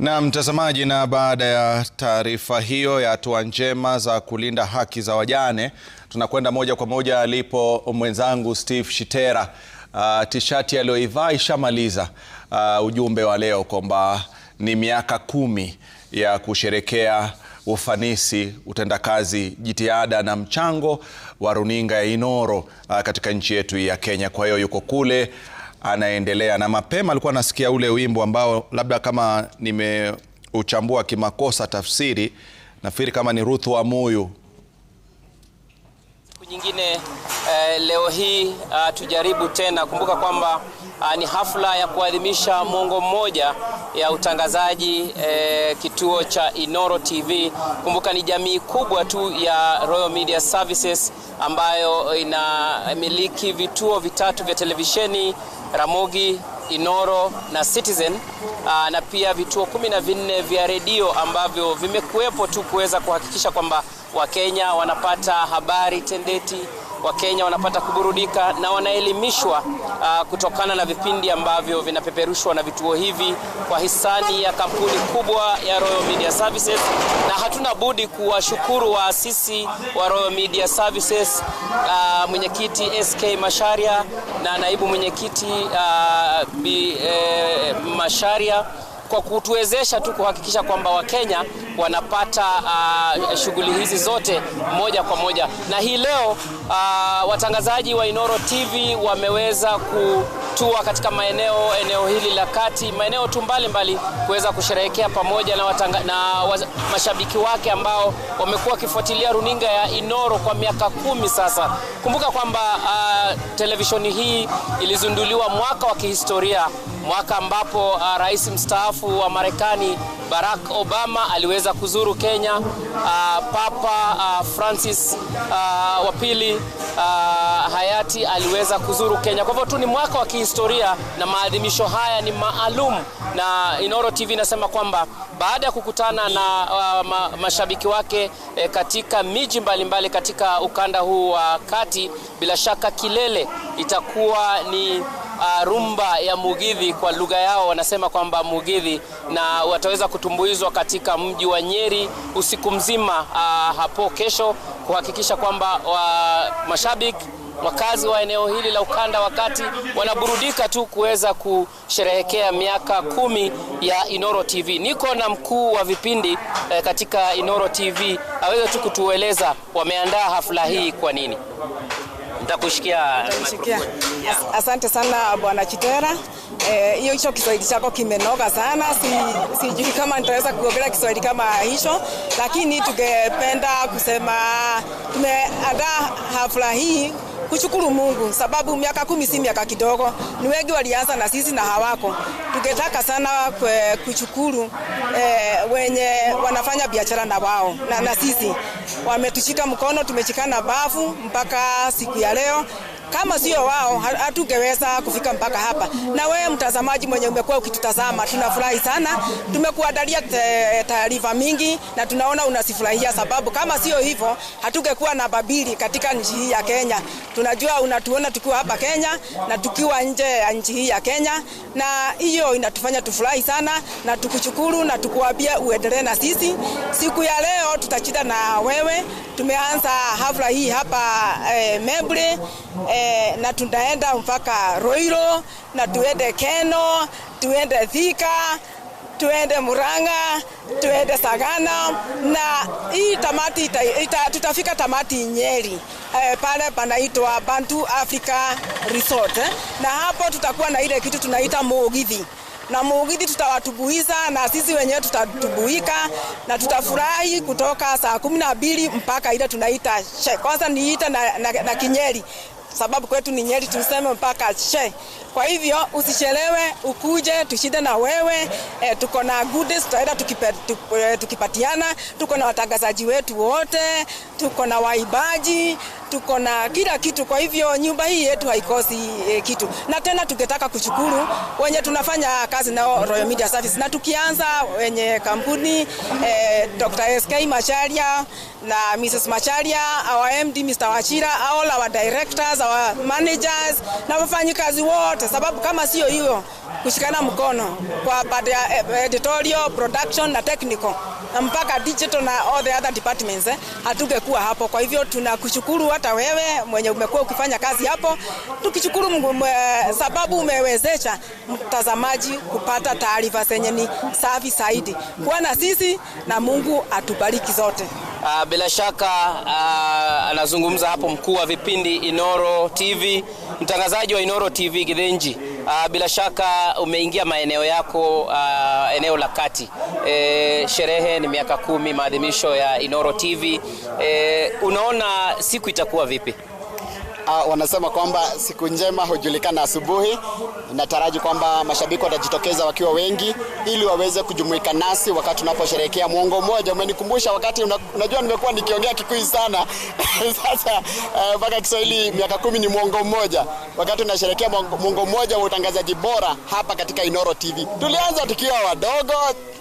Na mtazamaji, na baada ya taarifa hiyo ya hatua njema za kulinda haki za wajane, tunakwenda moja kwa moja alipo mwenzangu Steve Shitera. Uh, tishati aliyoivaa ishamaliza uh, ujumbe wa leo kwamba ni miaka kumi ya kusherekea ufanisi, utendakazi, jitihada na mchango wa runinga ya Inooro uh, katika nchi yetu ya Kenya. Kwa hiyo yuko kule anaendelea na mapema. Alikuwa anasikia ule wimbo ambao labda kama nimeuchambua kimakosa tafsiri, nafikiri kama ni Ruth wa Moyo nyingine eh, leo hii uh, tujaribu tena. Kumbuka kwamba uh, ni hafla ya kuadhimisha mwongo mmoja ya utangazaji eh, kituo cha Inoro TV. Kumbuka ni jamii kubwa tu ya Royal Media Services ambayo inamiliki vituo vitatu vya televisheni Ramogi, Inoro na Citizen aa, ah, na pia vituo kumi na vinne vya redio ambavyo vimekuwepo tu kuweza kuhakikisha kwamba Wakenya wanapata habari tendeti Wakenya wanapata kuburudika na wanaelimishwa uh, kutokana na vipindi ambavyo vinapeperushwa na vituo hivi kwa hisani ya kampuni kubwa ya Royal Media Services, na hatuna budi kuwashukuru waasisi wa Royal Media Services uh, mwenyekiti SK Masharia na naibu mwenyekiti uh, Bi, eh, Masharia kwa kutuwezesha tu kuhakikisha kwamba Wakenya wanapata uh, shughuli hizi zote moja kwa moja. Na hii leo uh, watangazaji wa Inoro TV wameweza ku tua katika maeneo eneo hili la kati, maeneo tu mbalimbali kuweza kusherehekea pamoja na, watanga, na waz, mashabiki wake ambao wamekuwa wakifuatilia runinga ya Inoro kwa miaka kumi sasa. Kumbuka kwamba uh, televisheni hii ilizinduliwa mwaka wa kihistoria, mwaka ambapo uh, rais mstaafu wa Marekani Barack Obama aliweza kuzuru Kenya. Uh, Papa uh, Francis uh, wa pili uh, hayati aliweza kuzuru Kenya. Kwa hivyo tu ni mwaka wa kihistoria na maadhimisho haya ni maalum, na Inoro TV inasema kwamba baada ya kukutana na uh, ma, mashabiki wake eh, katika miji mbalimbali mbali katika ukanda huu wa uh, kati, bila shaka kilele itakuwa ni uh, rumba ya Mugithi kwa lugha yao wanasema kwamba Mugithi, na wataweza kutumbuizwa katika mji wa Nyeri usiku mzima uh, hapo kesho kuhakikisha kwamba mashabiki wakazi wa eneo hili la ukanda wakati wanaburudika tu kuweza kusherehekea miaka kumi ya Inoro TV. Niko na mkuu wa vipindi eh, katika Inoro TV aweze tu kutueleza wameandaa hafla hii kwa nini. Nitakushikia. Asante sana Bwana Chitera. Eh, hiyo e, hicho Kiswahili chako kimenoga sana. Sijui si kama nitaweza kuongea Kiswahili kama hicho, lakini tungependa kusema tumeandaa hafla hii kushukuru Mungu sababu miaka kumi si miaka kidogo, ni wengi walianza na sisi na hawako. Tungetaka sana kwe, kushukuru e, wenye wanafanya biashara na wao na, na sisi wametushika mkono, tumeshikana bafu mpaka siku ya leo. Kama sio wao, hatungeweza kufika mpaka hapa. Na wewe mtazamaji mwenye umekuwa ukitutazama, tunafurahi sana. Tumekuandalia eh, taarifa mingi na tunaona unasifurahia, sababu kama sio hivyo hatungekuwa na Babili katika nchi hii ya Kenya. Tunajua unatuona tukiwa hapa Kenya na tukiwa nje ya nchi hii ya Kenya, na hiyo inatufanya tufurahi sana na tukushukuru na tukuambia uendelee na sisi. Siku ya leo tutachida na wewe. Tumeanza hafla hii hapa eh, Mebre eh, na tunaenda mpaka Roiro na tuende Keno, tuende Thika, tuende Muranga, tuende Sagana na hii tamati ita, ita, tutafika tamati Nyeri eh, pale panaitwa Bantu Africa Resort eh. Na hapo tutakuwa na ile kitu tunaita mugithi na mugithi tutawatubuiza na sisi wenyewe tutatubuika na tutafurahi kutoka saa kumi na mbili mpaka ile tunaita kwanza niita na, na, na Kinyeri sababu kwetu ni Nyeri, tuseme mpaka she. Kwa hivyo usichelewe, ukuje tushinde na wewe e, tuko na goodies tutaenda e, tukipatiana, tuko na watangazaji wetu wote, tuko na waibaji tuko na kila kitu. Kwa hivyo nyumba hii yetu haikosi e, kitu, na tena tungetaka kushukuru wenye tunafanya kazi nao Royal Media Service, na tukianza wenye kampuni e, Dr. SK Macharia na Mrs. Macharia, our MD Mr. Wachira, all our directors, our managers na wafanyikazi wote, sababu kama sio hiyo kushikana mkono kwa pande eh, ya eh, editorial, production na technical na mpaka digital na all the other departments eh, hatungekuwa hapo. Kwa hivyo tunakushukuru hata wewe mwenye umekuwa ukifanya kazi hapo, tukishukuru sababu umewezesha mtazamaji kupata taarifa zenye ni safi zaidi. Kuwa na sisi na Mungu atubariki zote. Uh, bila shaka uh, anazungumza hapo mkuu wa vipindi Inoro TV, mtangazaji wa Inoro TV Kithenji. Uh, bila shaka umeingia maeneo yako uh, eneo la kati e, sherehe ni miaka kumi maadhimisho ya Inoro TV e, unaona siku itakuwa vipi? uh, wanasema kwamba siku njema hujulikana asubuhi. Nataraji kwamba mashabiki watajitokeza wakiwa wengi ili waweze kujumuika nasi wakati tunaposherehekea mwongo mmoja. Umenikumbusha wakati una, unajua nimekuwa nikiongea Kikuyu sana sasa eh, mpaka uh, Kiswahili. Miaka kumi ni mwongo mmoja, wakati unasherehekea mwongo mmoja wa utangazaji bora hapa katika Inoro TV. Tulianza tukiwa wadogo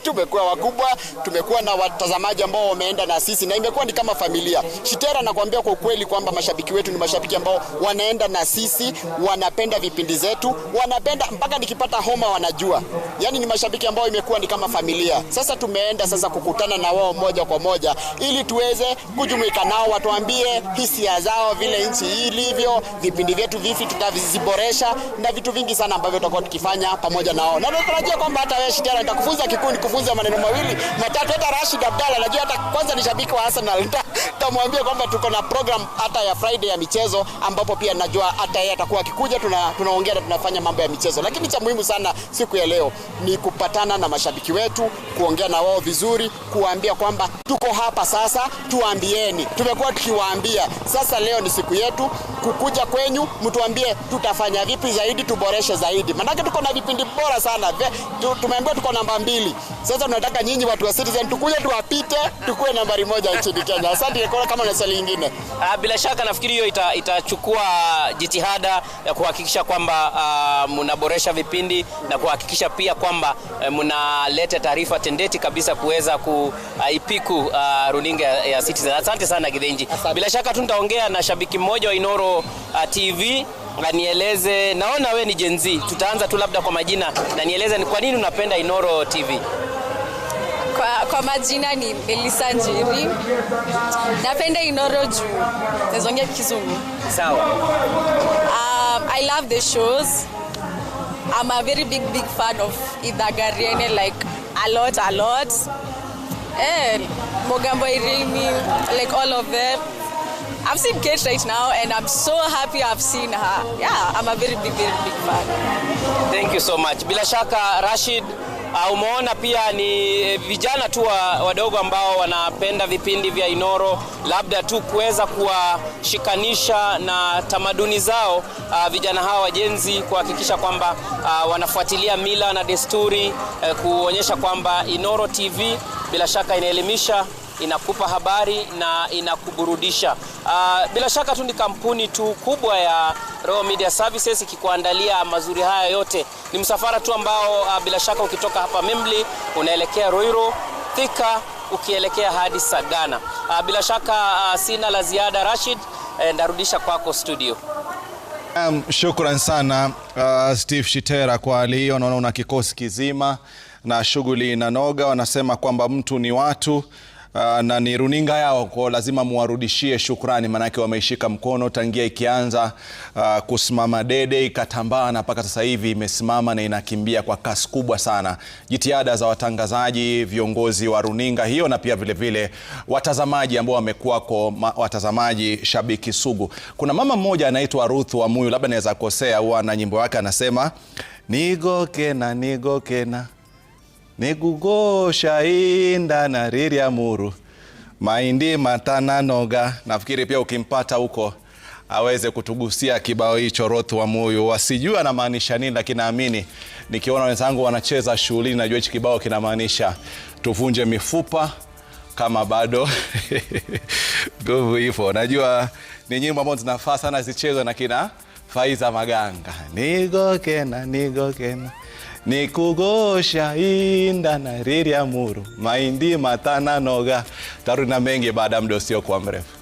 tumekuwa wakubwa, tumekuwa na watazamaji ambao wameenda na sisi na imekuwa ni kama familia. Shitera, nakwambia kwa ukweli kwamba mashabiki wetu ni mashabiki ambao ambao wanaenda na sisi, wanapenda vipindi zetu, wanapenda mpaka nikipata homa wanajua. Yani ni mashabiki ambao imekuwa ni kama familia. Sasa tumeenda sasa kukutana na wao moja kwa moja ili tuweze kujumuika nao, watuambie hisia zao, vile nchi hii ilivyo, vipindi vyetu vipi tutaviziboresha, na vitu vingi sana ambavyo tutakuwa tukifanya pamoja nao. na tunatarajia kwamba hata wewe Shitera nitakufunza kikundi, kufunza maneno mawili matatu. Hata Rashid Abdalla najua hata kwanza ni shabiki wa Arsenal, nitamwambia kwamba tuko na program hata ya Friday ya michezo ambapo pia najua hata yeye atakuwa akikuja, tuna, tunaongea na tunafanya mambo ya michezo. Lakini cha muhimu sana siku ya leo ni kupatana na mashabiki wetu, kuongea na wao vizuri, kuwaambia kwamba tuko hapa sasa, tuambieni. Tumekuwa tukiwaambia sasa, leo ni siku yetu kukuja kwenyu, mtuambie tutafanya vipi zaidi, tuboreshe zaidi, maanake tuko na vipindi bora sana. Tumeambiwa tuko namba mbili, sasa tunataka nyinyi watu wa Citizen tukuje tuwapite, tukuwe nambari moja nchini Kenya. Asante kama na swali lingine, ah, bila shaka nafikiri hiyo ita, ita kuchukua jitihada ya kuhakikisha kwamba uh, mnaboresha vipindi na kuhakikisha pia kwamba uh, eh, mnaleta taarifa tendeti kabisa kuweza kuipiku uh, uh, runinga ya Citizen. Asante sana Githinji. Bila shaka tu nitaongea na shabiki mmoja wa Inoro uh, TV na nieleze, naona we ni Gen Z, tutaanza tu labda kwa majina, na nieleze ni kwa nini unapenda Inoro TV. Kwa, kwa majina ni Melissa Njiri. Napenda Inoro juu nazongea Kizungu. Sawa. Um, I love the shows. I'm a very big big fan of Idhagariene like a lot a lot. Eh, Mogambo Irimi, like all of them. I've seen Kate right now and I'm so happy I've seen her. Yeah, I'm a very big very big fan. Thank you so much. Bila shaka Rashid Uh, umeona pia ni eh, vijana tu wadogo ambao wanapenda vipindi vya Inoro, labda tu kuweza kuwashikanisha na tamaduni zao uh, vijana hawa wajenzi, kuhakikisha kwamba uh, wanafuatilia mila na desturi uh, kuonyesha kwamba Inoro TV bila shaka inaelimisha inakupa habari na inakuburudisha. Uh, bila shaka tu ni kampuni tu kubwa ya Royal Media Services ikikuandalia mazuri haya yote. Ni msafara tu ambao uh, bila shaka ukitoka hapa Memli unaelekea Ruiru, Thika ukielekea hadi Sagana. Uh, bila shaka uh, sina la ziada Rashid, eh, ndarudisha kwako studio. Um, shukran sana uh, Steve Shitera kwa hali hiyo. Naona una kikosi kizima na shughuli inanoga. Wanasema kwamba mtu ni watu Uh, na ni runinga yao kwa lazima muwarudishie shukrani, maanake wameishika mkono tangia ikianza uh, kusimama dede ikatambaa na mpaka sasa hivi imesimama na inakimbia kwa kasi kubwa sana. Jitihada za watangazaji, viongozi wa runinga hiyo na pia vilevile vile, watazamaji ambao wamekuwa kwa watazamaji shabiki sugu. Kuna mama mmoja anaitwa Ruth Wamuyu, labda naweza kosea, huwa na nyimbo yake anasema nigokena nigokena nikugosha inda na riri ya muru maindi matana noga. Nafikiri pia ukimpata huko aweze kutugusia kibao hicho Roth wa Muyu. Wasijui anamaanisha nini, lakini naamini nikiona wenzangu wanacheza shughuli, najua hichi kibao kinamaanisha tuvunje mifupa kama bado nguvu ipo. Najua ni nyimbo ambazo zinafaa sana zichezwe na kina Faiza Maganga, nigokena nigokena nikugosha inda na riri ya muru maindi matana noga taruna mengi baada ya muda usiokuwa mrefu.